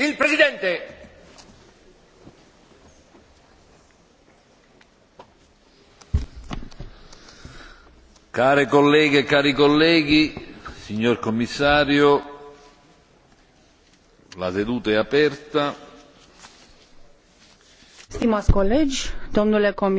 Il Presidente. Care colleghe e cari colleghi, signor Commissario, la seduta è aperta. Stimați colegi, domnule comisar,